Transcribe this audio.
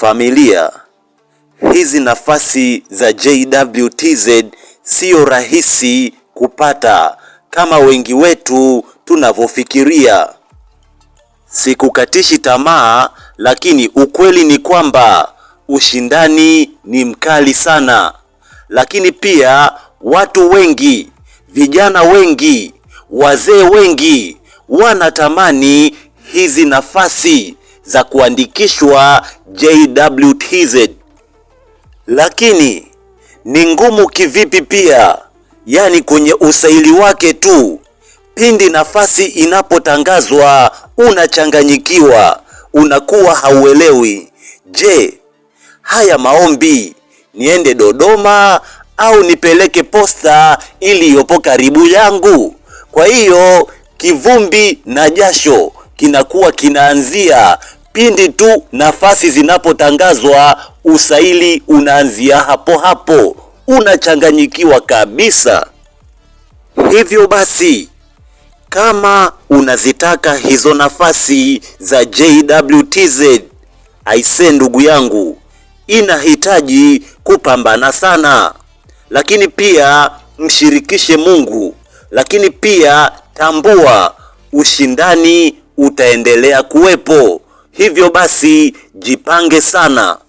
familia. Hizi nafasi za JWTZ siyo rahisi kupata kama wengi wetu tunavyofikiria. Sikukatishi tamaa, lakini ukweli ni kwamba ushindani ni mkali sana, lakini pia watu wengi, vijana wengi, wazee wengi wanatamani hizi nafasi za kuandikishwa JWTZ, lakini ni ngumu kivipi pia, yaani kwenye usaili wake tu pindi nafasi inapotangazwa unachanganyikiwa, unakuwa hauelewi. Je, haya maombi niende Dodoma au nipeleke posta iliyopo karibu yangu? Kwa hiyo kivumbi na jasho kinakuwa kinaanzia pindi tu nafasi zinapotangazwa, usaili unaanzia hapo hapo, unachanganyikiwa kabisa. Hivyo basi kama unazitaka hizo nafasi za JWTZ, aise ndugu yangu, inahitaji kupambana sana, lakini pia mshirikishe Mungu, lakini pia tambua ushindani utaendelea kuwepo. Hivyo basi jipange sana.